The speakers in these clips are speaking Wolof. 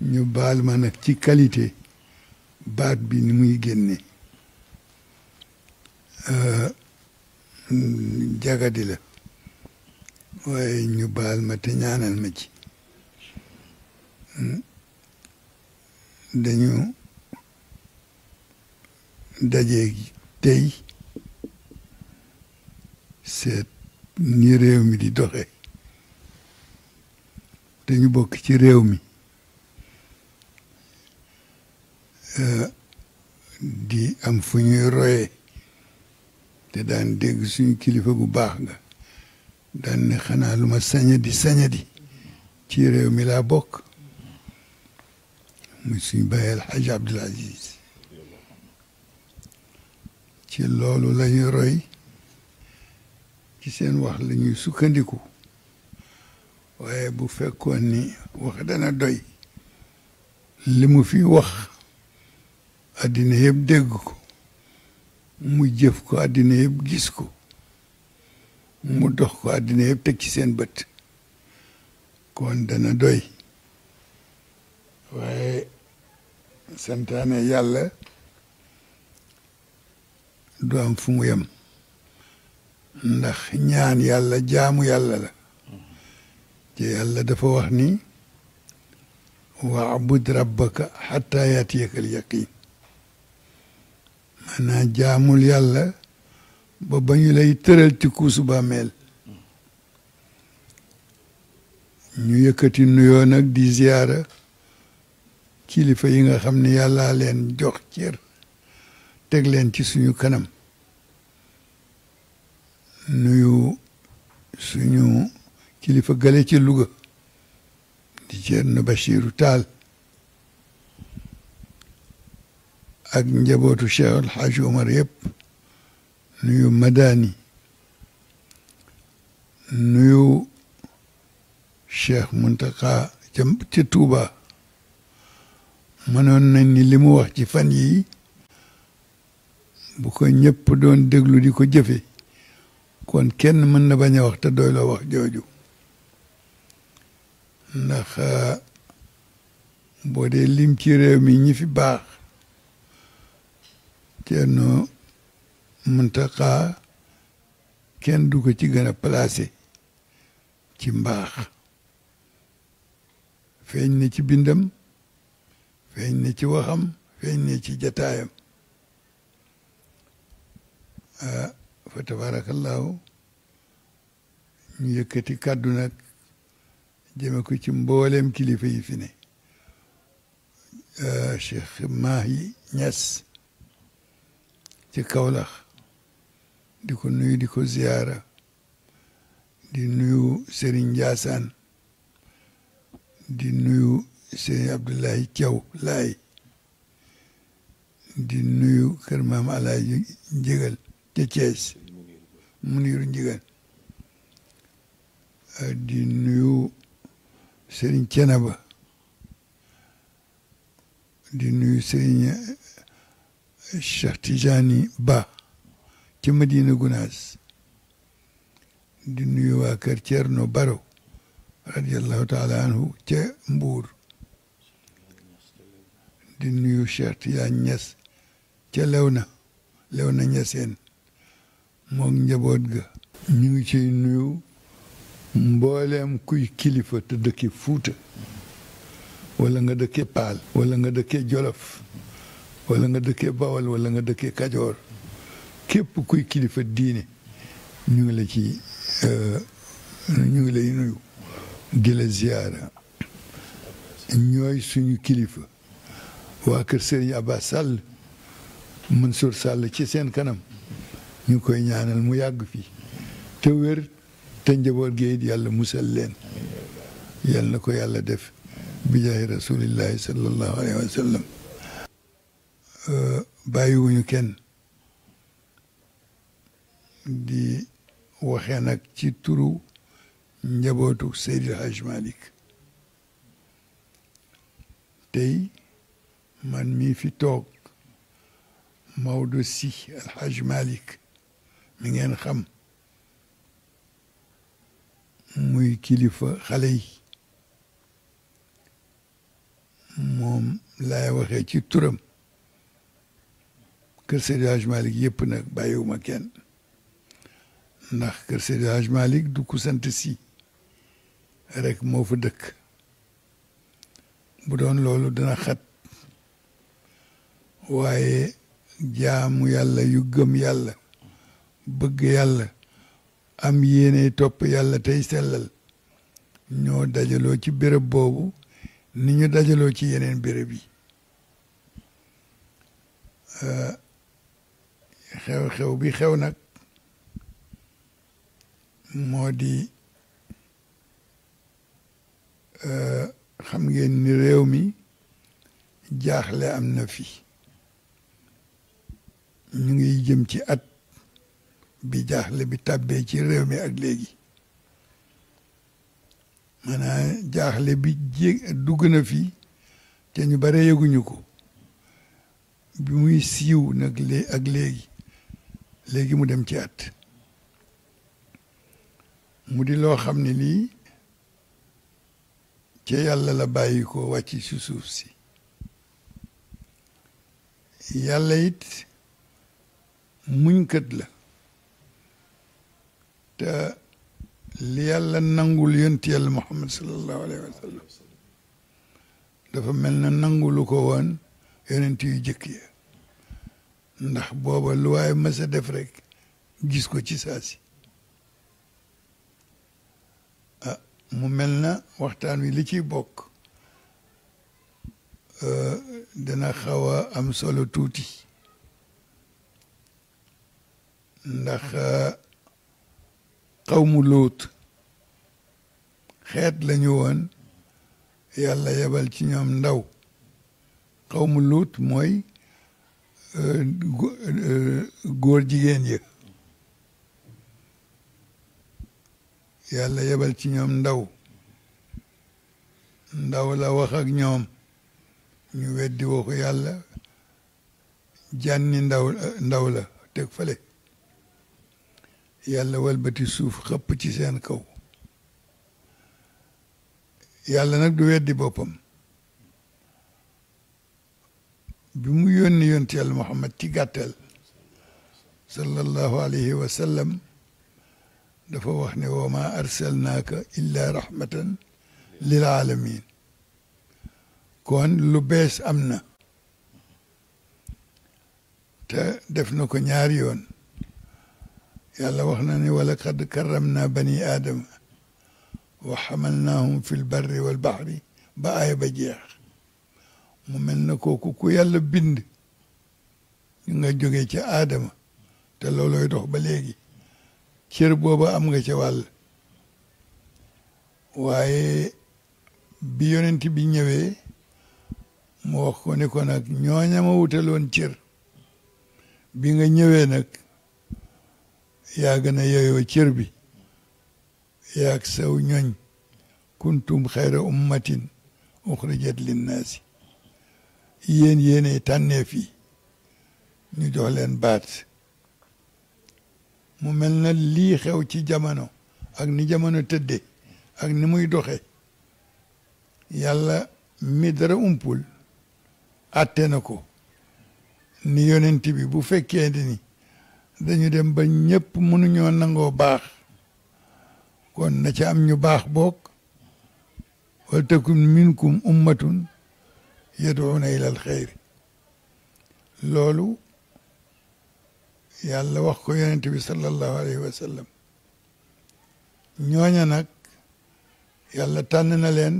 ñu baal ma nag ci qualité baat bi ni muy génne euh, jagadi la waaye ñu baal ma te ñaanal ma ci dañu dajee tey seet ni réew mi di doxe te ñu bokk ci réew mi di am fu ñuy roye te daan dégg suñu kilifa gu baax nga daan ne xanaa lu ma saña di saña di ci réew mi laa bokk mu suñ bàyyi El Hadj ci loolu la roy ci seen wax la sukkandiku waaye bu fekkoon ni wax dana doy limu fi wax addina yëpp dégg ko mu jëf ko addina yëpp gis ko mu dox ko addina yëpp teg ci seen bët kon dana doy waaye santaane yàlla du am fu mu yem ndax ñaan yàlla jaamu yàlla la ci yàlla dafa wax ni waabud rabbaka xatta yaatiyakal yaqin maanaam jaamul yàlla ba ba ñu lay tëral ci kuusu bàmmeel ñu yëkkati nuyoo nag di ziyaara kilifa yi nga xam ne yàllaa leen jox cër teg leen ci suñu kanam nuyu suñu kilifa gale ci Louga di Thierno Bachirou Tall ak njabootu Cheikh El Hadj Omar yëpp nuyu Madani nuyu Cheikh Muntaqa ca ca Touba mënoon na ni limu mu wax ci fan yi bu ko ñëpp doon déglu di ko jëfe kon kenn mën na bañ a wax te doy loo wax jooju ndax boo dee lim ci réew mi ñi fi baax Ceerno Muntaxa kenn du ci gën a ci mbaax feeñ na ci bindam feeñ na ci waxam feeñ na ci jataayam ah, fa tabarakallahu ñu yëkkati kàddu nag jëme ko ci mbooleem kilifa yi fi ne ah, Mahi Niass ci Kaolack di ko nuyu di ko ziyaara di nuyu Serigne Ndiassane di nuyu Serigne Abdoulaye Thiaw Laye di nuyu kër maam Alaaji Njëgal ca Thiès Muniru Njëgal ah, di nuyu Serigne Thiénaba di nuyu Serigne Cheikh Tidiane Ba ci Madina Gunaas di nuyu waa kër Thierno Baro radiallahu taala anhu ca Mbuur di nuyu Cheikh Tidiane Niass ca Lewna Lewna Niassène moog njaboot ga ñu ngi ciy nuyu mboolem kuy kilifa te dëkki Fuuta wala nga dëkkee Paal wala nga dëkkee Jolof wala nga dëkkee bawal wala nga dëkkee Kajoor képp kuy kilifa diine ñu ngi la ci euh, ñu ngi lay nuyu gila la ziyaara ñooy suñu kilifa waa kër Serigne Abba Sall Mansour Sall ci seen kanam ñu koy ñaanal mu yàgg fii te wér te njaboot gi it yàlla musal leen yàlla na ko yàlla def bijaahi rasulillahi sallallahu alayhi wa sallam bàyyiwuñu kenn di waxee nag ci turu njabootu Seydil Haj Malik tey man mii fi toog Maodo Sy Al Haj Malik mi ngeen xam muy kilifa xale yi moom laay waxee ci turam kër Seydi Hadj Malick yëpp nag bàyyiwuma kenn ndax kër Seydi Hadj Malick du ku sant si rek moo fa dëkk bu doon loolu dana xat waaye jaamu yàlla yu gëm yàlla bëgg yàlla am yéene topp yàlla tey sellal ñoo dajaloo ci béréb boobu ni ñu dajaloo ci yeneen béréb yi euh, xew-xew bi xew nag moo di xam ngeen ni réew mi jaaxle am na fi ñu ngi jëm ci at bi jaaxle bi tàbbee ci réew mi ak léegi maanaam jaaxle bi jé dugg na fi te ñu bare yëguñu ko bi muy siiw nag lé ak léegi léegi mu dem ci at mu di loo xam ne lii ce yàlla la bàyyi ko wàcc ci suuf si yàlla it muñkat la te li yàlla nangul yonent yàlla Muhammad sallallahu alayhi wa sallam dafa mel na nangulu ko woon yonent yu jëkk ya ndax booba lu waaye mës a def rek gis ko ci saasi ah mu mel na waxtaan wi li ciy bokk dana xaw a am solo tuuti ndax xaw mu lóot xeet lañu woon yàlla yebal ci ñoom ndaw xaw mu lóot mooy góor jigéen ya yàlla yebal ci ñoom ndaw ndaw la wax ak ñoom ñu weddi waxu yàlla janni ndaw ndaw la teg fale yàlla walbati suuf xëpp ci seen kaw yàlla nag du weddi boppam بمو يوني يونتي محمد تيغاتل صلى الله عليه وسلم دفا وحني وما ارسلناك الا رحمه للعالمين كون لوبيس امنا تا دفنوكو نيار يون يلا وحناني ولقد كرمنا بني ادم وحملناهم في البر والبحر بأي بجيخ mu mel na kooku ku yàlla bind nga jógee ci aadama te looloy dox ba léegi cër booba am nga ca wàll waaye bi yonent bi ñëwee mu wax ko ni ko nag ñooña ma wutaloon bi nga ñëwee nag yaa gën a yeyoo cër bi yaag saw ñooñ kuntum xayra ummatin uxrijat linnaasi yéen yéenay tànnéef yi ñu jox leen baat mu mel na lii xew ci jamono ak ni jamono tëdde ak ni muy doxe yàlla mi dara umpul atte na ko ni yonent bi bu fekkee ni dañu dem ba ñépp mënuñoo nangoo baax kon na ci am ñu baax boog wal takum minkum ummatun يدعون الى الخير لولو يالا وخو يننتي صلى الله عليه وسلم ньо ญ ا نك يالا تاننا لين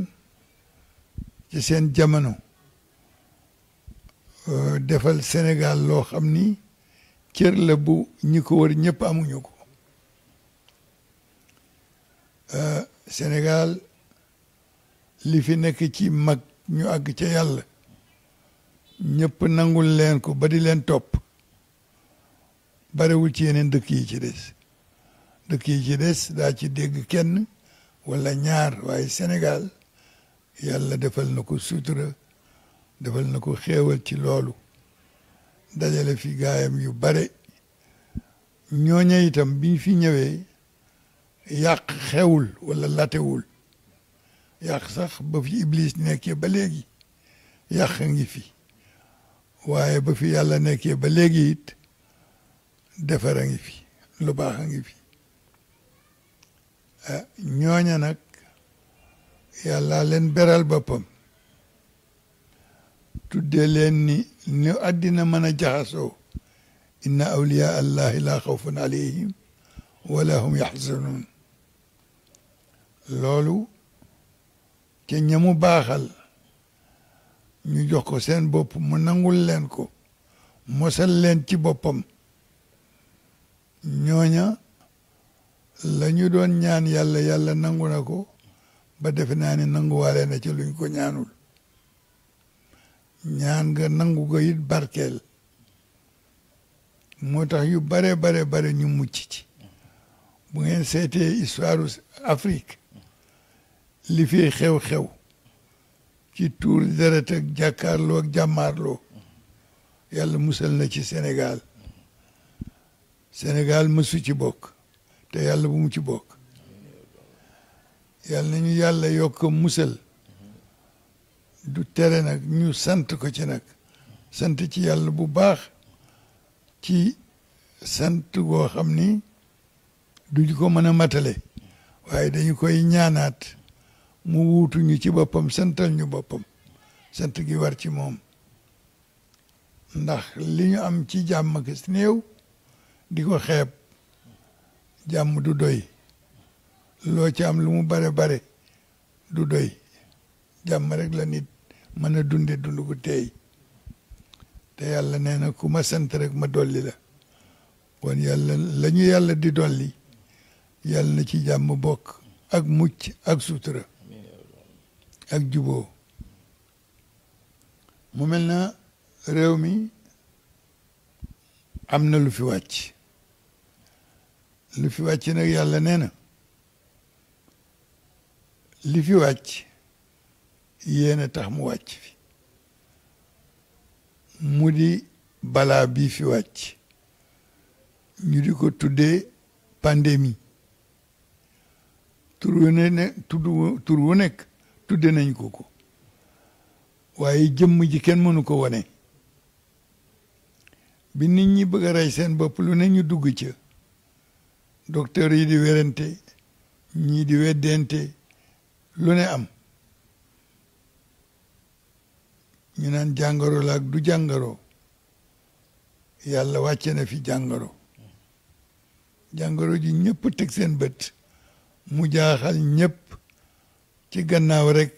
سي سين جامانو ديفال سينيغال لو خامني كير لا بو نيكو وور نيپ امونوكو سينيغال لي في نك تي مك ñu àgg ca yàlla ñépp nangul leen ko badi leen topp barewul ci yeneen dëkk yi ci des dëkk yi ci des daa ci dégg kenn wala ñaar waaye Sénégal yàlla defal na ko sutura defal na ko xéewal ci loolu dajale fi gaayam yu bare ñooña itam biñ fi ñëwee yàq xewul wala latewul yàq sax ba fi iblis nekkee ba léegi yàq ngi fi waaye ba fi yàlla nekkee ba léegi it defar a ngi fi lu baax a ngi fi ñooña nag yàlla leen beral boppam tuddee leen ni ni addina mën a jaxasoo inna awliya allahi laa xawfun alayhim wala hum yaxzanuun loolu ci ñamu baaxal ñu jox ko seen bopp mu nangul leen ko mosal leen ci boppam ñooña la ñu doon ñaan yàlla yàlla nangu na ko ba defe naa ne nanguwaale na ci luñ ko ñaanul ñaan nga nangu ko it barkeel moo tax yu bare bare bare ñu mucc ci bu ngeen seetee histoire Afrique li fi xew-xew ci tuur deret ak jàkkaarloo ak jàmmaarloo yàlla musal na ci Sénégal senegal mësu ci bokk te yàlla bu mu ci bokk yàlla nañu yàlla yokk musal du tere nag ñu sant ko ci nag sant ci yàlla bu baax ci sant goo xam ni duñu ko mën a matale waaye dañu koy ñaanaat mu wuutu ci boppam santal ñu boppam sant gi war ci moom ndax li ñu am ci jàmm ak néew di ko xeeb jàmm du doy loo ci am lu mu bare bare du doy jàmm rek la nit mën na dunde du gu teey te yàlla nee na ku ma sant rek ma dolli la kon yàlla la ñu yàlla di dolli yàlla na ci jàmm bokk ak mucc ak sutura ak juboo mu mel na réew mi am na lu fi wàcc lu fi wàcc nag yàlla nee na li fi wàcc yéen a tax mu wàcc fi mu di balaa bii fi wàcc ñu di ko tuddee pandémie tur wu ne tur wu nekk tudde nañ ko ko waaye jëmm ji kenn mënu ko wane bi nit ñi bëgg a rey seen bopp lu ne ñu dugg ca docteur yi di werante ñii di weddente lu ne am ñu naan jàngoro la ak du jàngoro yàlla wàcce na fi jàngoro jàngoro ji ñëpp teg seen bët mu jaaxal ñépp ci gannaaw rekk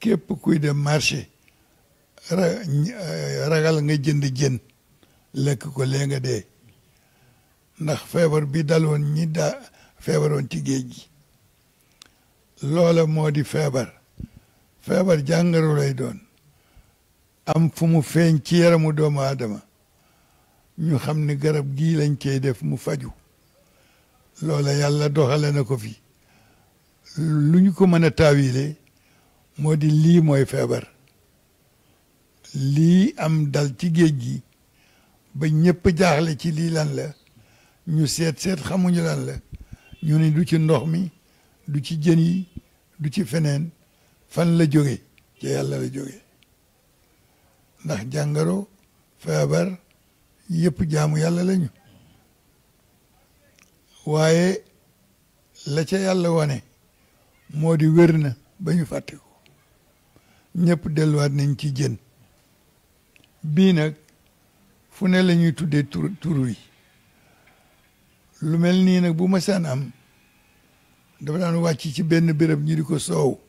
képp kuy dem marché ragal nga jënd jén lekk ko lee nga ndax feebar bi daloon ñi daa feebaroon ci géej gi moo di feebar feebar jàngaro lay doon am fu mu feeñ ci yaramu doomu aadama ñu xam ni garab gii lañ cey def mu faju loola yàlla doxale na ko fi lu ñu ko mën a taawile moo di lii mooy feebar lii am dal ci géej gi ba ñëpp jaaxle ci lii lan la ñu seet seet xamuñu lan la ñu ne du ci ndox mi du ci jën yi du ci feneen fan la jóge ci yàlla la jóge ndax jàngoro feebar yépp jaamu yàlla lañu waaye la ca yàlla wane mo di wér na faté ko ñëpp delluwaat nañ ci jën bii nak fu ne lañuy tuddé turu yi lu melni nak bu ma masaan am dafa daan wacc ci benn béréb ñu di ko soow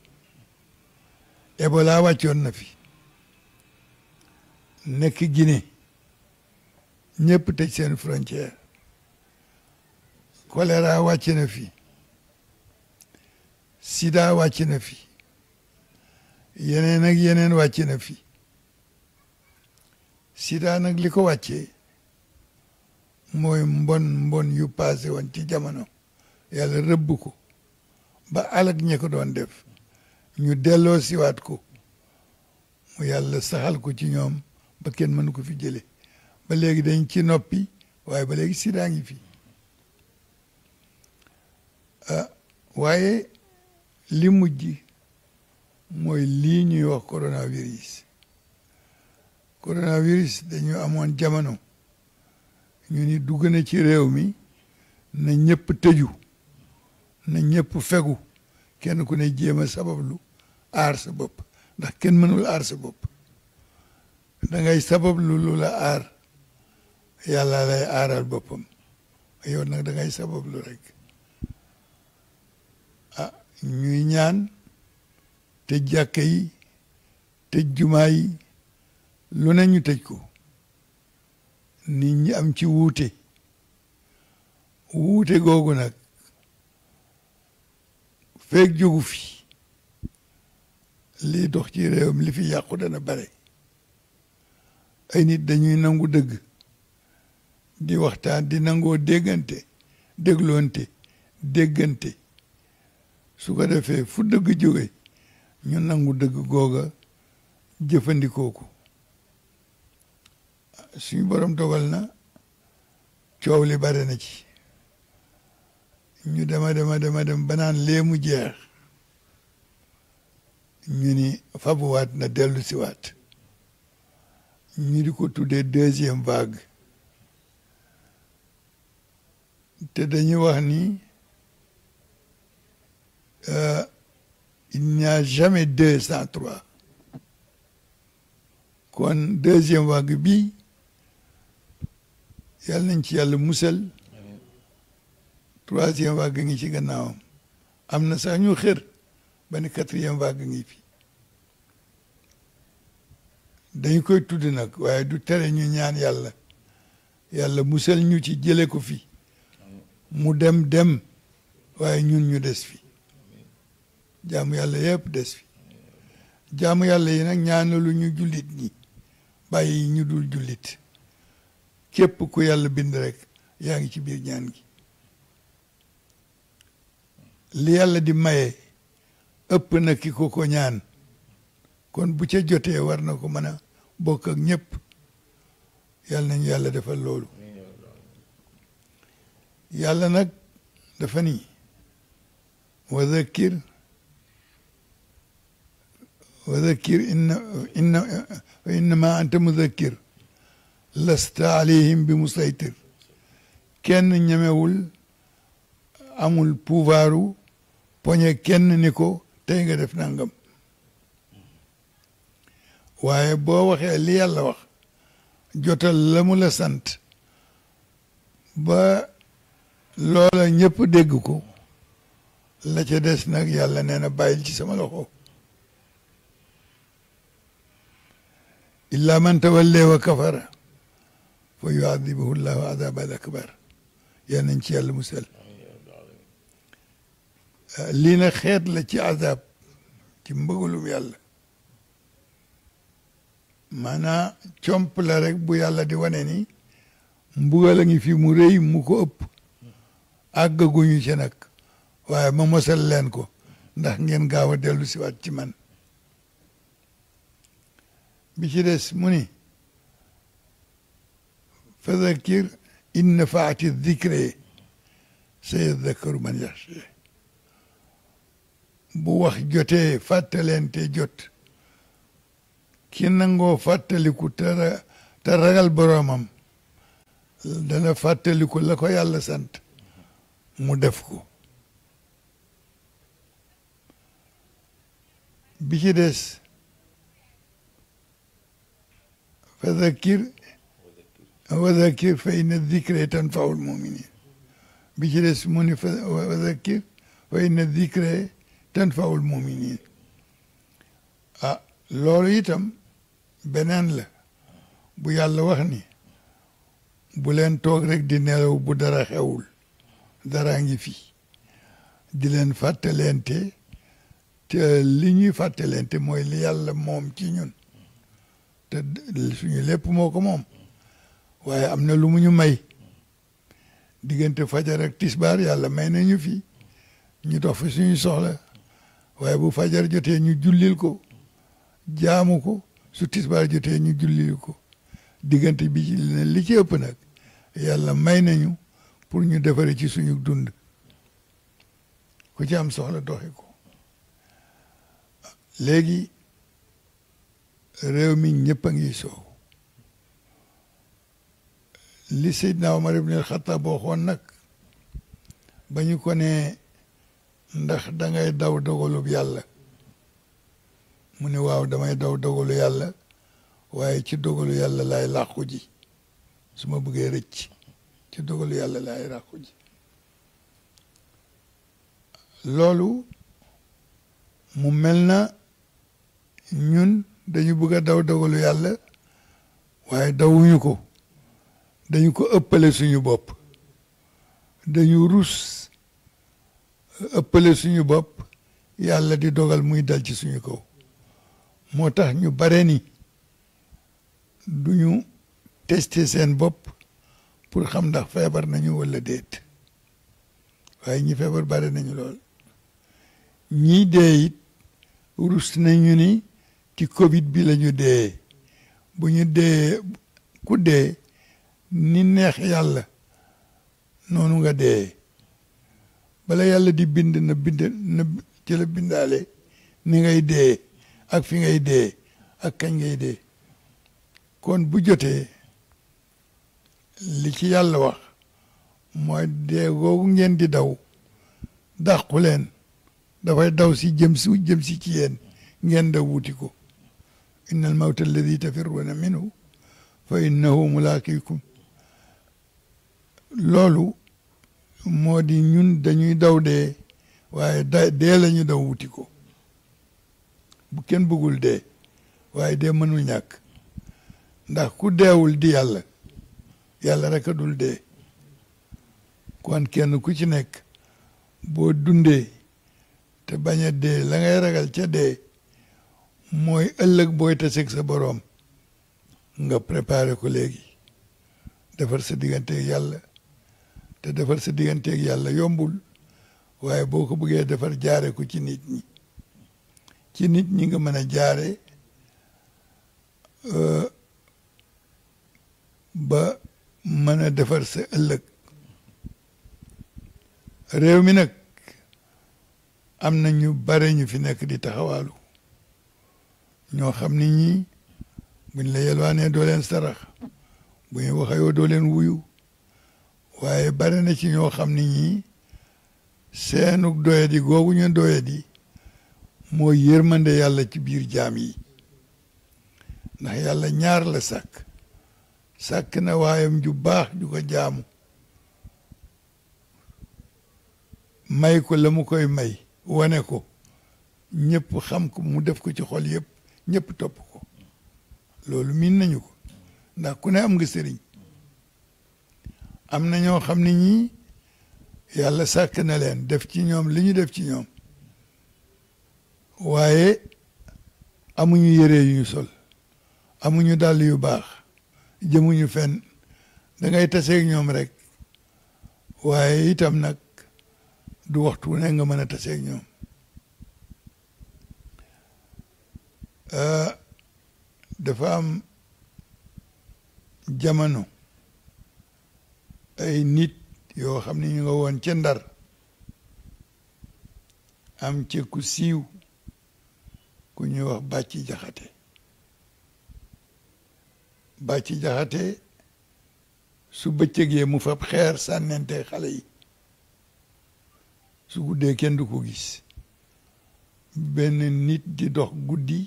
Ebola waccion na fi nek Guinée ñëpp tej sen frontière choléra wàcc na fi sida wàcc na fi yeneen ak yeneen wàcc na fi sida nag li ko wàccee mooy mbon mbon yu paase woon ci jamono yàlla rëbb ko ba alak ñi ko doon def ñu delloo siwaat ko mu yàlla saxal ko ci ñoom ba kenn mënu ko fi jële ba léegi dañ ci noppi waaye ba léegi sidaa ngi fi ah, waaye li mujji mooy lii ñuy wax coronavirus coronavirus dañu amoon jamono ñu ni dugg na ci réew mi na ñëpp tëju na ñëpp fegu kenn ku ne jéem a sabablu aar sa bopp ndax kenn mënul aar sa bopp dangay ngay sabablu lu la aar yàlla lay aaral boppam yow nag da ngay sabablu rek ñuy ñaan tëj jàkka yi tëj jumaa yi lu ne ñu tëj ko ni ñi am ci wuute wuute googu nag feeg jógu lii dox ci réewam li fi yàqu dana bare ay nit dañuy nangu dëgg di waxtaan di nangoo déggante dégloonte déggante su ko defee fu dëgg jóge ñu nangu dëgg googa jëfandikoo ko suñu borom dogal na coow li bare na ci ñu dema dema dema dem banaan léemu jeex ñu ni fabuwaat na dellu siwaat ñu di ko tuddee deuxième vague te dañuy wax ni euh, il n'y a jamais deux sans trois kon deuxième vague bi yàlla nañ ci troisième vague ngi ci gannaawam am na sax ñu xër ba ne quatrième vague ngi fi dañ koy tudd nag waaye du tere ñu ñaan yàlla yàlla musal ñu ci jële ko fi mu dem dem waaye ñun ñu des fi jaamu yàlla yëpp des fi jaamu yàlla yi nag ñaanalu ñu jullit ñi bàyyi ñu dul jullit képp ku yàlla bind rek yaa ngi ci biir ñaan gi li yàlla di maye ëpp na ki ko ñaan kon bu ca jotee war na ko mën a bokk ak ñëpp yàlla nañu yàlla defal loolu yàlla nag dafa ni wa وذكر إن إن فإنما أنت مذكر لست عليهم بمسيطر كان نيميول أمول بوفارو بني كان نيكو تيغا ديف نانغام واي بو واخي لي يالا واخ جوتال لامو لا سانت با لولا نيب ديغكو لا تي ديس نك يالا نينا بايل سي سما لوخو illa man tawalla wa kafara fa yuadibuhu llahu adaban akbar yal nañ ci yàlla musal lii na xeet la ci azab ci mbëggalum yàlla maanaa comp la rek bu yàlla di wane ni mbugal a ngi fi mu rëy mu ko ëpp àggaguñu ci nag waaye ma mosal leen ko ndax ngeen gaaw a dellu siwaat ci man بشرس مني فذكر إن نفعت الذكر سيذكر من يخشى bu wax jotee fàttalente jot ki nangoo fàttaliku te ragal boroomam dana fàttaliku la ko yàlla sant mu def ko bi ci des فذكر وذكر فإن الذكر تنفع المؤمنين بجل اسموني وذكر فإن الذكر تنفع المؤمنين آه، لوريتم بنان له بو يالا وخني بو لين توك رك دي نيلو بو دارا خيول دارانغي في دي لين فاتلنتي تي لي ني فاتلنتي te suñu lépp moo ko moom waaye am na lu mu ñu may diggante fajar ak tisbaar yàlla may na ñu fi ñu dox fi suñu soxla waaye bu fajar jotee ñu jullil ko jaamu ko su tisbaar jotee ñu jullil ko diggante bi li ci ëpp nag yàlla may nañu pour ñu defare ci suñu dund ku ci am soxla doxi ko léegi réew mi ñëpp a ngi soow li Seydina Omar ibn al-Khattab waxoon nag ba ñu ko ne ndax dangay ngay daw dogalub yàlla mu ne waaw damay daw dogalu yàlla waaye ci dogalu yàlla lay làqu ji su ma bëggee rëcc ci dogalu yàlla laay làqu ji loolu mu mel na ñun dañu bëgg daw dogalu yàlla waaye dawuñu ko dañu ko ëppale suñu bopp dañu rus ëppale suñu bopp yàlla di dogal muy dal ci suñu kaw moo tax ñu bare ni duñu tester seen bopp pour xam ndax feebar nañu walla déet waaye ñi feebar bare nañu lool ñii dee rus nañu ni ci Covid bi la dee bu ñu dee ku dee ni neex yàlla noonu nga dee bala yàlla di bind na bind na ci bindaale ni ngay dee ak fi ngay dee ak kañ ngay dee kon bu jotee li ci yàlla wax mooy dee googu ngeen di daw dàqu leen dafay daw si jëm si jëm si ci yéen ngeen da wuti ko inna al mawta alladi tafirruuna minhu fa innahu mulaaqiikum loolu moo di ñun dañuy daw dee waaye da dee la daw wuti ko bu kenn bëggul dee waaye dee mënul ñàkk ndax ku deewul di yàlla yàlla rek a dul dee kon kenn ku ci nekk boo dundee te bañ a dee la ngay ragal ca dee mooy ëllëg booy taseeg sa boroom nga préparé ko léegi defar sa digganteeg yàlla te defar sa digganteeg yàlla yombul waaye boo ko bëggee defar jaare ko ci nit ñi ci nit ñi nga mën a jaare euh, ba mën a defar sa ëllëg réew mi nag am na ñu bare ñu fi nekk di taxawaalu ñoo xam ni ñii buñ la yelwaanee doo leen sarax bu ñu waxayoo doo leen wuyu waaye bari na ci ñoo xam ni ñii seenug doyadi googu ñu doyadi moo yërmande yàlla ci biir jaam yi ndax yàlla ñaar la sàkk sàkk na waayam ju baax ju ko jaamu may ko la mu koy may wane ko ñëpp xam ko mu def ko ci xol yëpp ñëpp topp ko loolu miin nañu ko ndax ku ne am nga sëriñ am na ñoo xam ne ñii yàlla sàkk na leen def ci ñoom li ñu def ci ñoom waaye amuñu yére yu ñu sol amuñu dàll yu baax jëmuñu fenn da ngay taseeg ñoom rek waaye itam nag du waxtu ne nga mën a taseeg ñoom Euh, dafa am jamono ay nit yoo xam ne ñu nga woon ca am ci ku siiw ku ñuy wax bàcci jaxate bàcci jaxate su bëccëgee mu fab xeer sànnente xale yi su guddee kenn du ko gis benn nit di dox guddi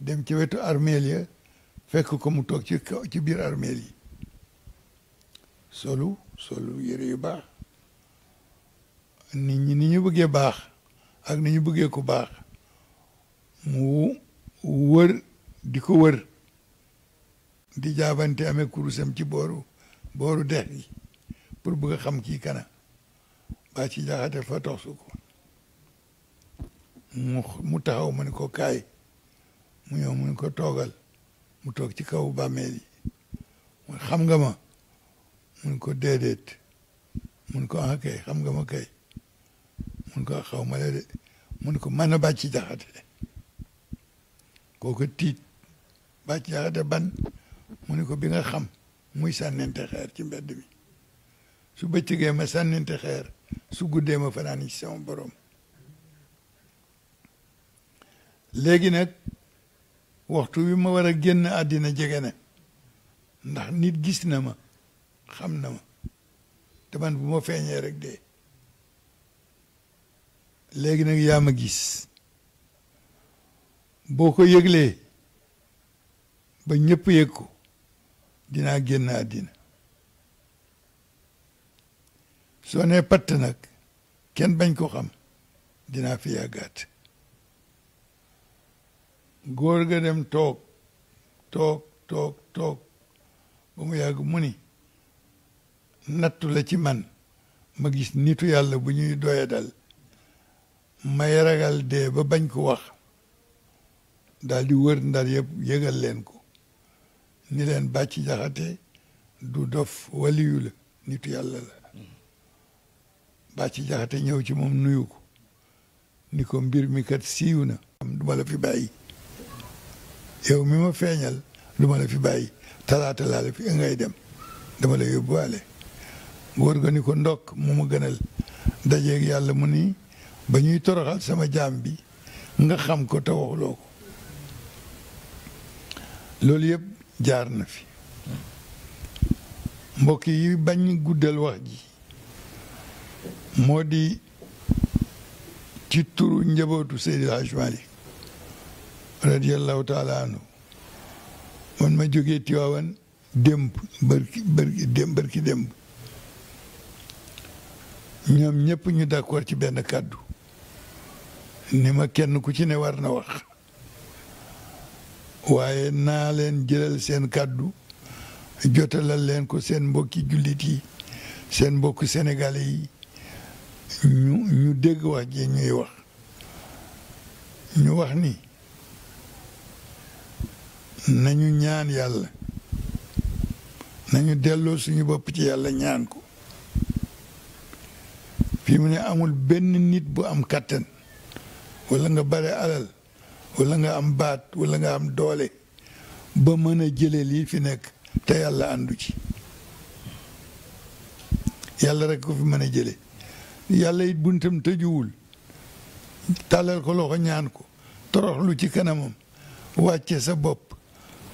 dem ci wetu armeel ya fekk ko mu toog ci biir armeel yi solu solu yére yu baax nit ñi ni ñu bëggee baax ak ni ñu bëggee ku baax mu wër di ko wër di jaabante amee kurusam ci booru booru dex gi pour bëgg a xam kii kana baa ci jaaxate fa tox su ko mu taxaw ma ne ko kaay mu ñëw mu ko toogal mu toog ci kaw bàmmeel yi mu xam nga ma mun ko déedéet mun ko ah kay xam nga ma kay mun ko ah, xaw ma la de mun ko mën a bàcc jaxate kooku tiit bàcc jaxate ban mu ne ko bi nga xam muy sànnente xeer ci mbedd mi su bëccëgee ma sànnente xeer su guddee ma fanaan ci sama borom léegi waxtu wi ma war a génn àddina jege na ndax nit gis na ma xam na ma te bu ma feeñee rek dee léegi nag yaa ma gis boo ko yëglee ba ñépp yëg ko dinaa génn àddina soo nee patt nag kenn bañ ko xam dinaa fi yàggaat góor ga dem toog toog toog toog ba mu yàgg mu ni nattu la ci man ma gis nitu yàlla bu ñuy doya dal may ragal dee ba bañ ko wax daal di wër ndar yëpp yëgal leen ko ni leen bàcc jaxate du dof waliyu la nitu yàlla la bàcc jaxate ñëw ci moom nuyu ko ni ko mbir mi kat siiw na duma la fi bàyyi yow mi ma feeñal du ma la fi bàyyi talaata laa la ngay dem dama la yóbbuwaale góor ga ni ko ndokk mu ma gënal dajeeg yàlla mu ni ba ñuy toroxal sama jaam bi nga xam ko te waxuloo ko loolu yëpp jaar na fi mbokk yi bañ guddal wax ji moo di ci turu njabootu Seydi El Hadji Malick radiyallahu taala anhu man ma jógee Tiwaawan démb bërki démb ñoom ñëpp ñu d'accord ci benn kàddu ni ma kenn ku ci ne war na wax waaye naa leen jëlal seen kàddu jotalal leen ko seen mbokki jullit yi seen mbokk senegal yi ñu ñu dégg wax ji ñuy wax ñu wax ni nañu ñaan yàlla nañu delloo suñu bopp ci yàlla ñaan ko fii mu ne amul benn nit bu am kàttan wala nga bare alal wala nga am baat wala nga am doole ba mën a jëlee lii fi nekk te yàlla àndu ci yàlla rek ko fi mën a jëlee yàlla it buntam tëjuwul tàllal ko loxo ñaan ko toroxlu ci kanamam wàcce sa bopp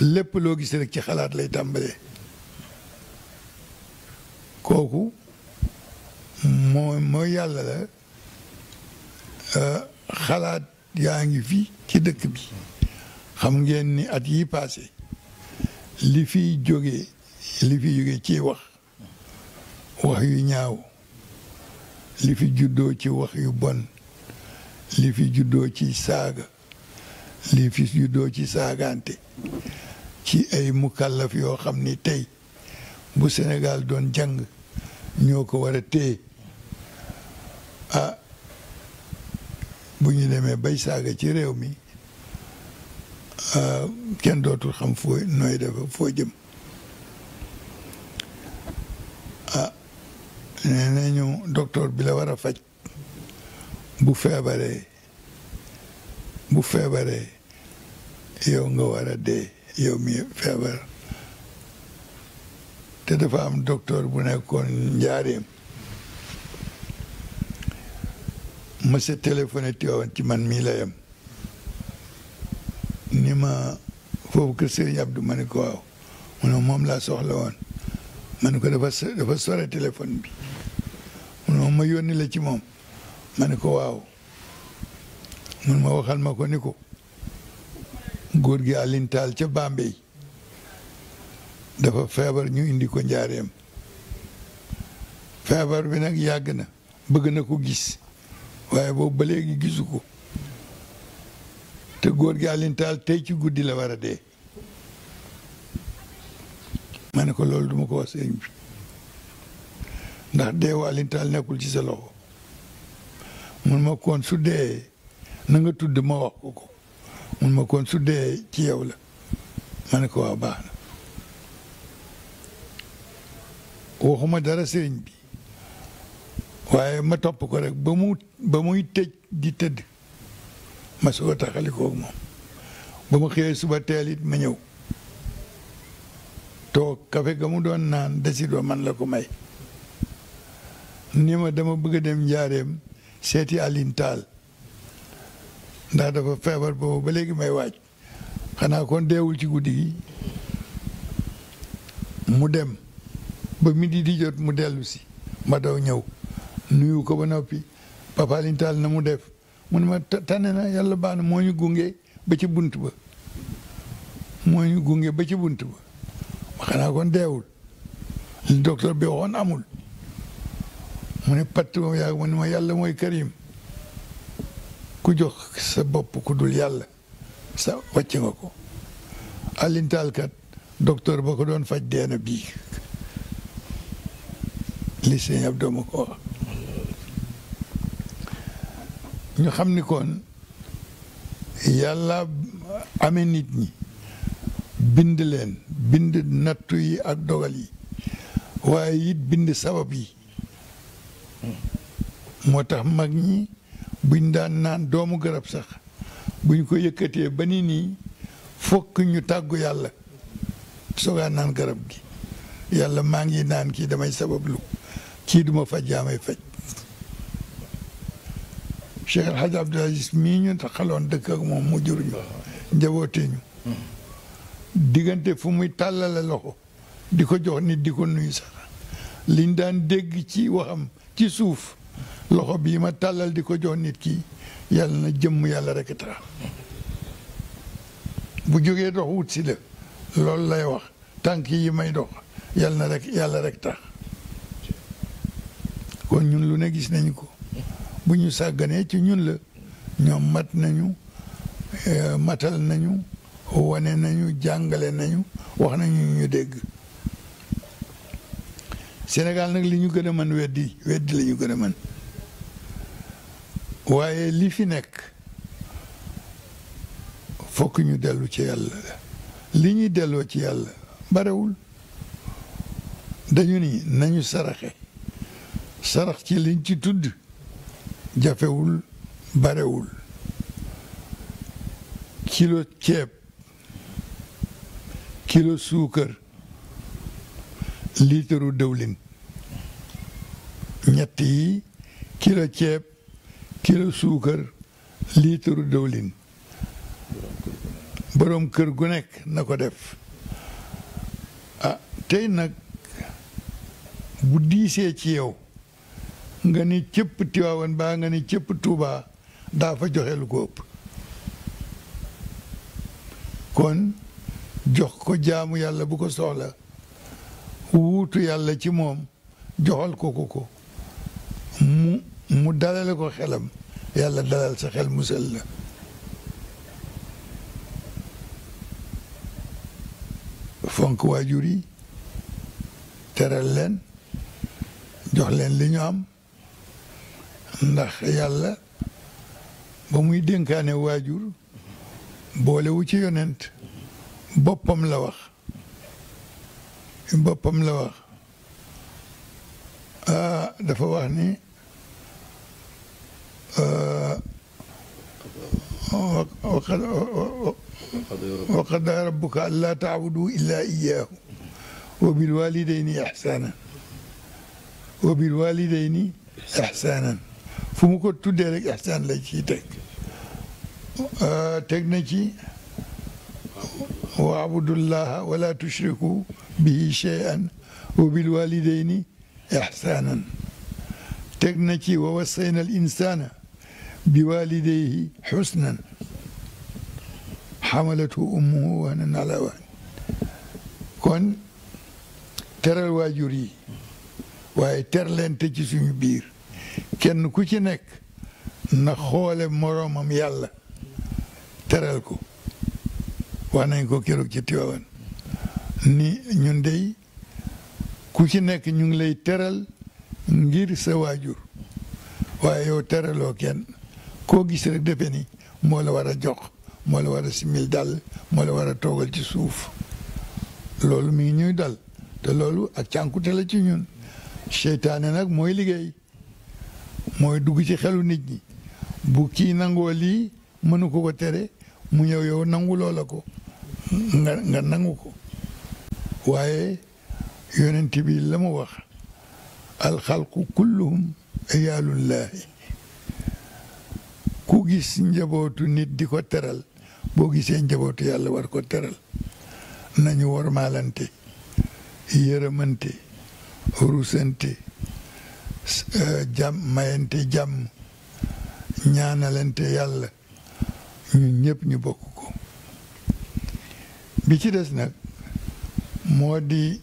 lépp loo gis rek ci xalaat lay tàmbalee kooku moo mooy yàlla la euh, xalaat yaa ngi fi ci dëkk bi xam ngeen ni at yi passé li fi jógee li fi jógee ci wax wax yu ñaaw li fi juddoo ci wax yu bon li fi juddoo ci saaga li fi juddoo ci saagaante ci ay mukallaf yoo xam ni tey bu senegal doon jàng ñoo ko war a téye bu ñu demee bay saaga ci réew mi kenn dootul xam foo nooy def foo jëm ah nee nañu docteur bi la war a faj bu feebaree bu feebaree yow nga war dee yow mi feebar te dafa am docteur bu nekkoon njaareem mës a téléphoné Tiwaawan ci man mii la yem ni ma foofu kër Serigne Abdou ma ne ko waaw mu ne moom laa soxla woon ma ne ko dafa sore téléphone bi mu ne ma yónni la ci moom ma ne ko waaw mun ma waxal ma ko ni ko góor gi Alioune Tall ca Bambey dafa feebar ñu indi ko njaareem feebar bi nag yàgg na bëgg na ko gis waaye boobu ba léegi gisu ko te góor gi Alioune Tall tey ci guddi la war dee ma ne ko loolu duma ko wax sëñ bi ndax deewu Alioune Tall nekkul ci sa loxo mun ma kon su dee na nga tudd ma wax ko ko mun ma kon su dee ci yow la ma ne ko waaw baax na waxuma dara sëriñ bi waaye ma topp ko rek ba mu ba muy tëj di tëdd ma soo taxalikoo moom ba mu xëyee suba teel it ma ñëw toog kafe ga mu doon naan desit wa man la ko may ni ma dama bëgg a dem njaareem seeti Aline ndax dafa feebar boobu ba léegi may waaj xanaa kon deewul ci guddi gi mu dem ba midi di jot mu dellusi ma daw ñaw nuyu ko ba noppi papa liñ taal na mu def mu ma tànne na yàlla baax na moo ñu gunge ba ci bunt ba moo gunge ba ci bunt ba ma xanaa kon deewul li docteur amul mu ne patt ba ma yàlla mooy karim ku jox sa bopp ku dul yàlla sa wàcc nga ko alintaalkat docteur ba ko doon faj deena bii li sëñ ab dooma ko wax ñu xam ni kon yàlla amee nit ñi bind leen bind nattu yi ak dogal yi waaye it bind sabab yi moo tax mag ñi buñ daan naan doomu garab sax buñ ko yëkkatee ba ni nii fokk ñu tàggu yàlla soogaa naan garab gi yàlla maa ngi naan kii damay sabablu kii duma faj jaamay faj Cheikh El Hadj Abdoul Aziz mii ñu xaloon dëkk moom mu jur ñu njaboote ñu diggante fu muy tàllale loxo di ko jox nit di ko nuyu sax liñ daan dégg ci waxam ci suuf loxo bii ma tàllal di ko jox nit ki yàlla na jëmm yàlla rek tax bu jógee dox wut si la loolu lay wax tànk yi may dox yàlla na rek yàlla rek tax kon ñun lu ne gis nañu ko bu ñu sàgganee ci ñun la ñoom mat nañu eh, matal nañu wane nañu jàngale nañu wax nañu ñu dégg Sénégal nag li ñu gën a mën weddi weddi la ñu gën a mën waaye li fi nekk fokk ñu dellu ci yàlla li ñuy delloo ci yàlla barewul dañu ni nañu saraxe sarax ci liñ ci tudd jafewul barewul kilo ceeb kilo suukar liitaru dëwlin ñett yi kilo ceeb kilo suukar liitaru dëwlin boroom kër gu nekk na ko def ah tey nag bu diisee ci yow nga ni cëpp Tiwaawan baa nga ni cépp Tuubaa daa fa joxe lu ko ëpp kon jox ko jaamu yàlla bu ko soxla wuutu yàlla ci moom joxal ko ko ko mu مو دلالك وخلم يلا دلال سخل مسل فانك واجوري ترى لن جوه لن لنعم نخ يلا بمي دين كان واجور بولي وچي يننت بوبم لوخ بوبم لوخ آه دفوه هني وقد وقد ربك الا تعبدوا الا اياه وبالوالدين احسانا وبالوالدين احسانا فمكو تودي لك احسان لا شي تك تك وعبد الله ولا تشركوا به شيئا وبالوالدين احسانا تك ووصينا الانسان بوالديه حسنا حملته أمه وهنا على وهن kon teral waajur yi waaye terlente ci suñu biir kenn ku ci nekk na xoole moroomam yàlla teral ko wax nañ ko keroog ci Tiwaawan ni ñun dey ku ci nekk ñu ngi lay teral ngir sa waajur waaye yow teraloo kenn koo gis rek defe ni moo la war jox moo la war simil dal moo la war a toogal ci suuf loolu mi ngi ñuy dal te loolu ak cànkute la ci ñun seytaane nag mooy liggéey mooy dugg ci xelu nit ñi bu kii nangoo mënu ko ko tere mu ñëw yow nangu loola nga nangu ko waaye yonent bi la mu wax alxalqu kulluhum iyaalullaahi ku gis njabootu nit di ko teral boo gisee njabootu yàlla war ko teral nañu wormaalante yërëmante rusante euh, jàmm mayante jàmm ñaanalante yàlla ñun ñëpp ñu bokk ko bi ci des nag moo di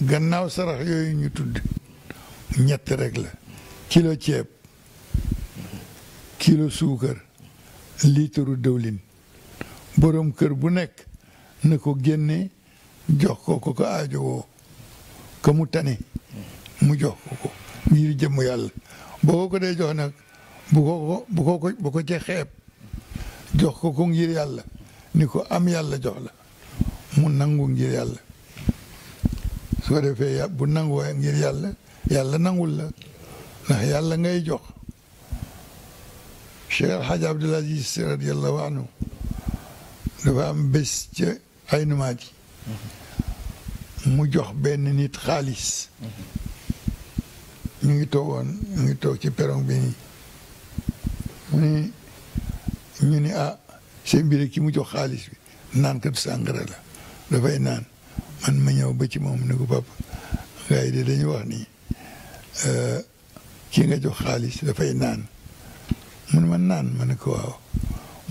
gannaaw sarax yooyu ñu tudd ñett rek la kilo ceeb kilo suukar liitaru dëwlin boroom kër bu nekk na ko génne jox ko ko ko aajowoo ka mu tane mu jox ko ko ngir jëmm yàlla boo ko ko dee jox nag bu ko bu ko bu ko ca xeeb jox ko ko ngir yàlla ni ko am yàlla jox la mu nangu ngir yàlla soo defee bu nangu ngir yàlla yàlla nangul la ndax yàlla ngay jox الشيخ الحاج عبد العزيز السي رضي الله عنه dafa am bés ca aynumaa ji mu jox benn nit xaalis ñu ngi toogoon ñu ngi toog ci perron bi nii mu ni ñu ni ah seen mbir ki mu jox xaalis bi naan kat sàngara la dafay naan man ma ñëw ba ci moom ni ko papa gars yi de dañu wax ni ki nga jox xaalis dafay naan mu ne ma naan ma ne ko waaw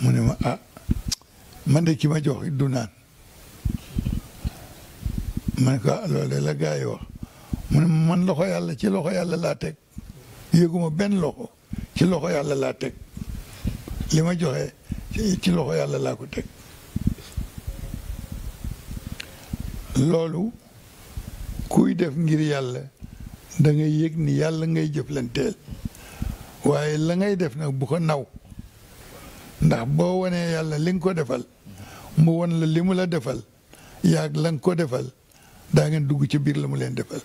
mu ne ma ah man de ki ma jox du naan ma ne ko ah la gars yi wax mu ne man loxo yàlla ci loxo yàlla laa teg ma benn loxo ci loxo yàlla laa teg li ma joxe ci loxo yàlla laa ko teg loolu kuy def ngir yàlla dangay ngay ni yàlla ngay jëflanteel waaye la ngay def na bu ko naw ndax boo wanee yàlla li nga ko defal mu won la li mu la defal yaag lang nga ko defal daa ngeen dugg ci biir la mu leen defal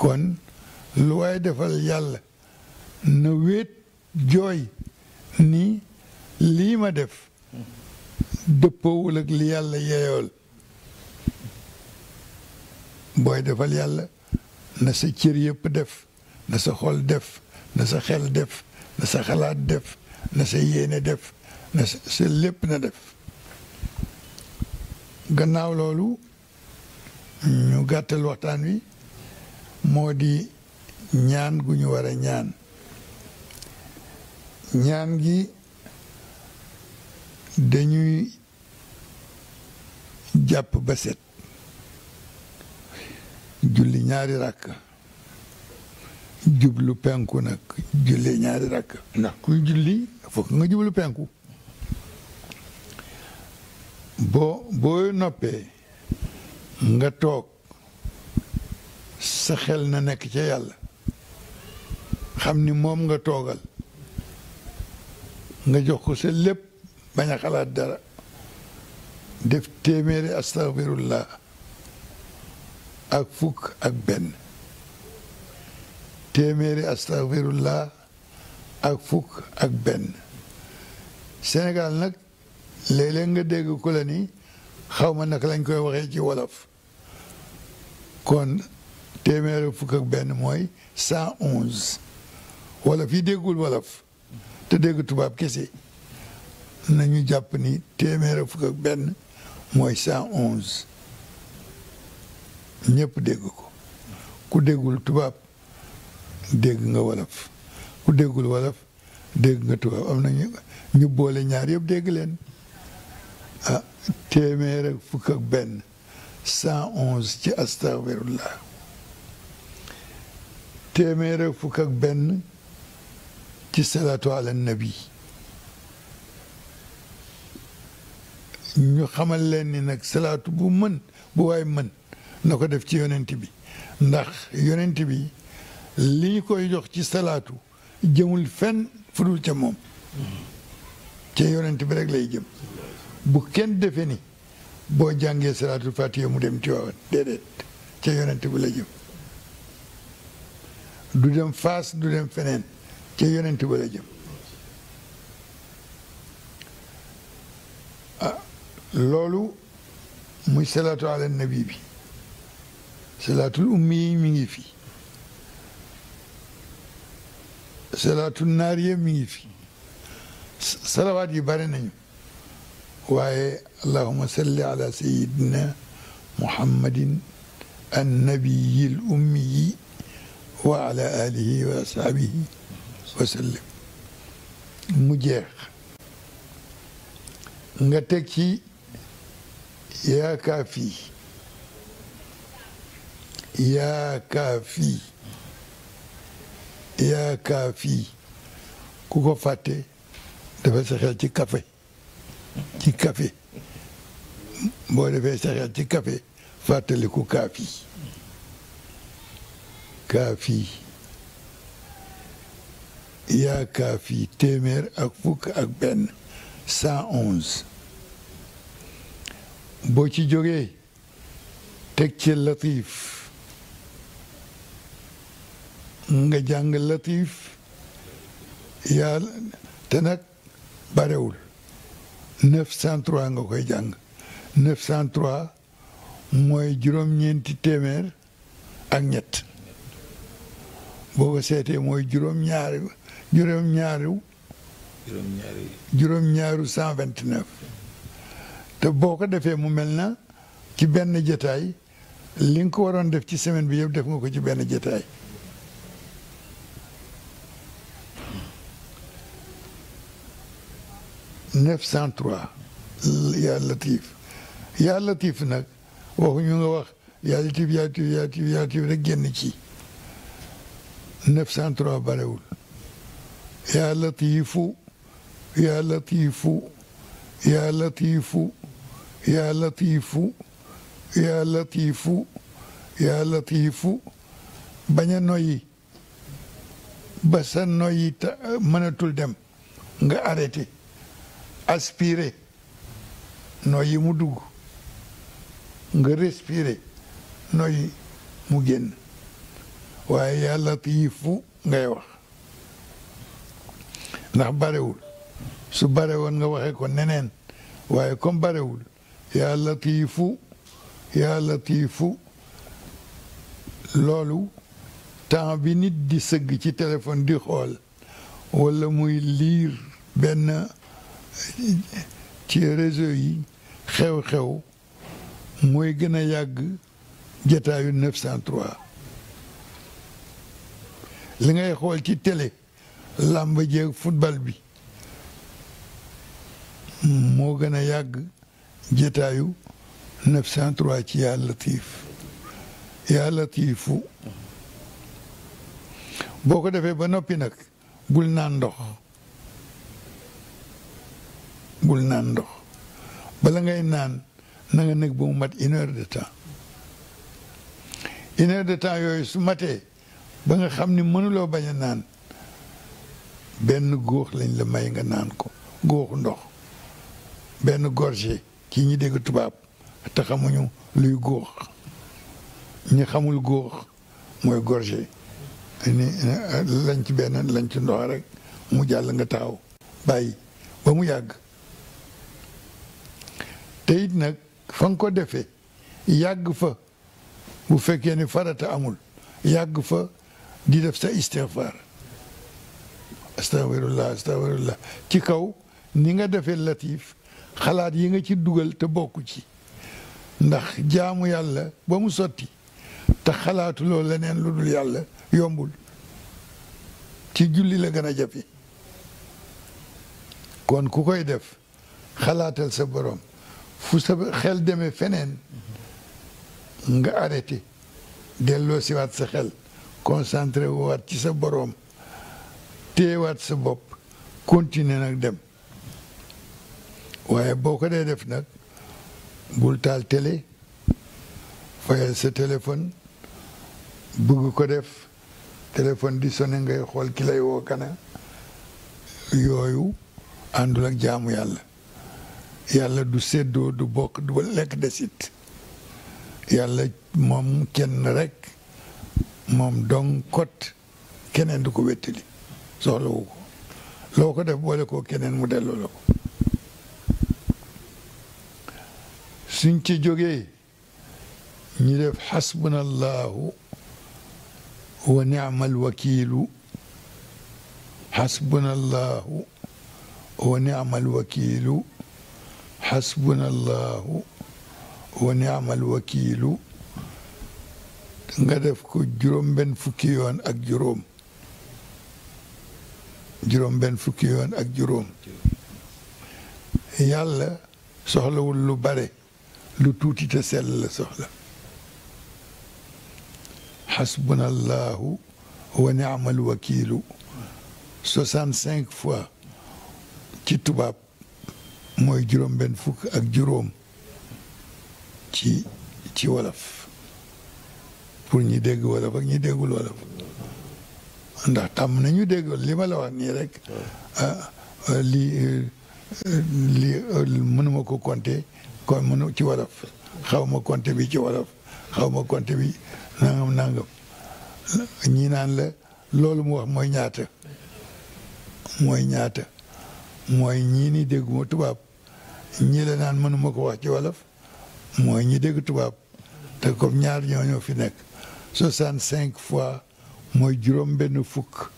kon lu defal yàlla na wéet jooy ni lii ma def dëppoowul ak li yàlla yeeyool booy defal yàlla na sa cër yëpp def na sa xol def na sa xel def na sa xalaat def na sa yéene def na sa lépp na def gannaaw loolu ñu gàttal waxtaan wi moo di ñaan gu ñu war ñaan ñaan gi dañuy jàpp ba set julli ñaari rakk jublu penku nag julli ñaari rakk ndax kuy julli fokk nga jublu penku boo boo noppee nga toog sa xel na nekk ca yàlla xam ni moom nga toogal nga jox ko sa lépp bañ a xalaat dara def téeméeri astaghfirullah أفك أبن تيميري أستغفر الله أفك أكبن سنغال نك ليلنغ ديغو كولاني خاوما نك لانكوي وغيكي ولف كون تيميري أفك أبن موي أونز ولف يديغو ولف تديغو تباب كسي نانيو جابني تيميري أفك أبن موي أونز ñëpp dégg ko ku déggul tubaab dégg nga wolof ku déggul wolof dégg nga tubaab am na ñu boole ñaar yëpp dégg leen ah téeméer ak fukk ci astaghfirullah téeméer ak ci salatu ala nabi ñu xamal leen ni nag salatu bu mën bu waay mën na ko def ci yonent bi ndax yonent bi li ñu koy jox ci salaatu jëmul fenn fudul ca moom ca yonent bi rek lay jëm bu kenn defe ni boo jàngee salaatul fatiha mu dem Tiwaawan déedéet ca yonent bi la jëm du dem faas du dem feneen ca yonent bi la jëm ah, loolu muy salaatu ala nabi bi صلاه الامي ميفي صلاه النار ميفي صلوات يبارنني واي اللهم صل على سيدنا محمد النبي الامي وعلى اله واصحابه وسلم مجيخ nga يا كافي ya kafi, ya kafi, Kouko faté, sa ci café ci café Bo defee xel ci café ku kafi. Kafi. Ya kafi, Temer ak fuk ak ben 111 ci latif nga jàng latif yaa te nag barewul 903 nga koy jàng 903 mooy juróom-ñeenti téeméer ak ñett boo ko seetee mooy juróom-ñaari juróom-ñaaru. juróom-ñaaru juróom-ñaaru 129. te boo ko defee mu mel na ci benn jataay li nga ko waroon def ci semaine bi yëpp def nga ko ci benn jataay. 903 yaa latif yaa latif nag waxuñu nga wax yaa latif yaa latif yaa latif yaa latif génn ci 903 barewul yaa latifu yaa latifu yaa latifu yaa latifu yaa latifu yaa latifu bañ a noyyi ba sa noyyi ta dem nga arrêté aspiré yi mu dugg nga respiré noy mu génn waaye yaa latiifu ngay wax ndax barewul su bare woon nga waxee ko neneen waaye comme barewul yaa latiifu yaa latiifu loolu temps bi nit di sëgg ci téléphone di xool wala muy liir benn ci réseau yi xew-xew mooy gën a yàgg jataayu 903 li ngay xool ci télé làmb jeeg football bi moo gën a yàgg jataayu 903 ci yaa latiif yaa latiifu boo ko defee ba noppi nag bul naan ndox bul naan ndox bala ngay naan na nga nekk ba mu mat une heure de temps une de temps yooyu su matee ba nga xam ni mënuloo bañ a naan benn góox lañ la may nga naan ko góoxu ndox benn gorgée ci ñu dégg tubaab te xamuñu luy góox ñi xamul góox mooy gorgée ni lañ ci benn lañ ci ndox rek mu jàll nga taxaw bàyyi ba mu yàgg te nag fa nga ko defee yàgg fa bu fekkee ni farata amul yàgg fa di def sa istigfaar astafirullah astafirullah ci kaw ni nga defee latif xalaat yi nga ci dugal te bokku ci ndax jaamu yàlla ba mu sotti te xalaatuloo leneen lu dul yàlla yombul ci julli la gën a jafe kon ku koy def xalaatal sa borom fu sa xel demee feneen nga arrêté delloo siwaat sa xel concentré waat ci sa boroom téewaat sa bopp continuer nag dem waaye boo ko dee def nag bul taal télé fayal sa téléphone bëgg ko def téléphone di sone ngay xool ki lay woo kana yooyu àndul ak jaamu yàlla yàlla du seddoo du bokk du lekk desit yàlla moom kenn rek moom dong kot keneen du ko wettali soxlawu ko def boole koo keneen mu delloo la ko suñ ci jógee ñu def xasbuna allahu wa wakiilu xasbuna allahu wa wakiilu حسبنا الله ونعم الوكيل غدف كو جروم بن فكيون اك جروم بن فكيون اك يالا سهلا ولو باري لو توتي تسال سهلا حسبنا الله ونعم الوكيل 65 فوا كي mooy juróom benn fukk ak juróom ci ci wolof pour ñi dégg wolof ak ñi déggul wolof ndax tàmm nañu dégg li ma la wax nii rek lii ah, ah, lii eh, eh, mënuma ko compter kon mënu ci wolof xaw ma compter bi ci wolof xaw ma compter bi nangam nangam ñi naan la loolu mu wax mooy ñaata mooy ñaata mooy ñii ni dégguma tubaab ñi la naan mënuma ko wax ci wolof mooy ñi dégg tubaab te comme ñaar ñoo fi nekk soixante cinq fois mooy juróom benn fukk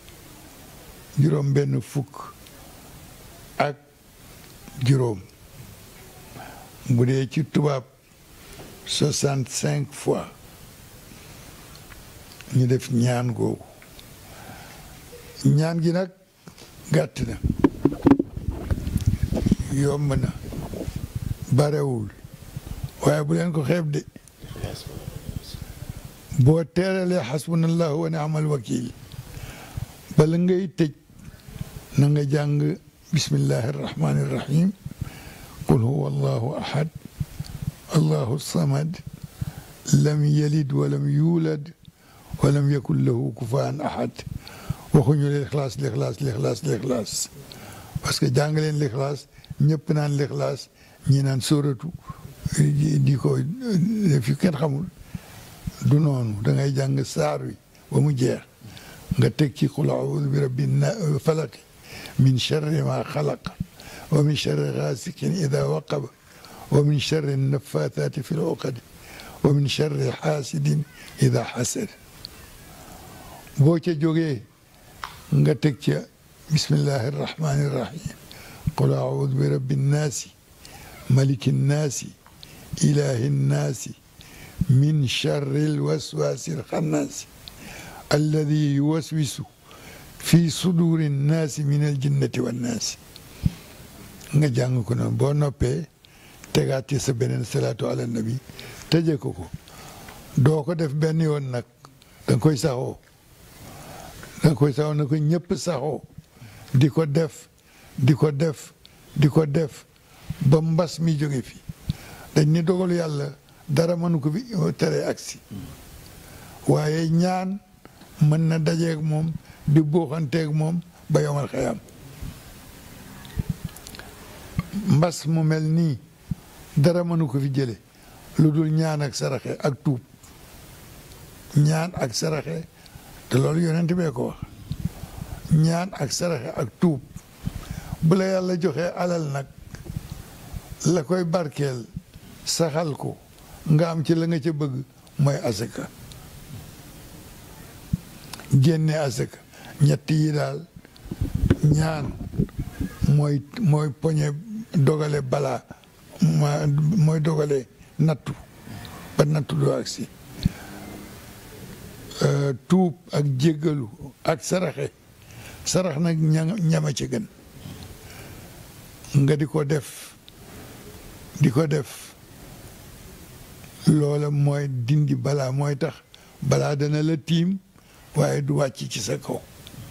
juróom benn fukk ak juróom bu dee ci tubaab soixante cinq fois ñu def ñaan googu ñaan gi nag gàtt yomb na barewul waaye bu leen ko xeeb de boo teeralee xasbunallahu wa ni'mal wakiil bala ngay tëj na nga jàng bismillahi irrahmani irrahim qul huwa allahu ahad allahu samad lam yalid walam yuulad walam yakun lahu kufaan ahad waxuñu lixlaas lixlaas lixlaas lixlaas parce que jàng leen lixlaas ñëpp naan lixlaas ñi naan sóoratu di ko def yu kenn xamul du noonu da ngay jàng saar wi ba mu jeex nga teg ci qul a'uudu bi rabbi falaq min charri ma xalaq wa min charri gaasiqin ida waqaba wa min charri nafaathaati fi l-uqadi wa min charri xaasidin ida xasad boo ca jógee nga teg ca bismillahi irrahmani irrahim qul a'uudu bi rabbi nnaasi maliki nnaasi ilaahi nnaasi min charri lwaswaasi lxannaasi alladi yuwaswisu fi suduri nnaasi min aljinnati wannaasi nga jàng ko noonu boo noppee tegaat ci sa beneen salaatu ala nabi tëje ko ko doo ko def benn yoon nag da koy saxoo da koy saxoo na ko ñëpp di ko def di ko def di ko def ba mbas mi jóge fi dañ ni dogal yàlla dara mënu ko fi tere agsi waaye ñaan mën na dajeeg moom di buuxanteeg moom ba yomal xayaam mbas mu mel nii dara mënu ko fi jële lu dul ñaan ak saraxe ak tuub ñaan ak saraxe te loolu yonent bee ko wax ñaan ak saraxe ak tuub bu la yàlla joxe alal nag la koy barkeel saxal ko nga am ci la nga ca bëgg mooy asaka génne asaka ñett yi daal ñaan mooy mooy poñe dogale balaa mooy dogale nattu ba nattu doo agsi euh, tuub ak jéggalu ak saraxe sarax nag ñama ci gën nga di ko def di ko def loola mooy dindi balaa mooy tax balaa dana la tiim waaye du wàcc ci sa kaw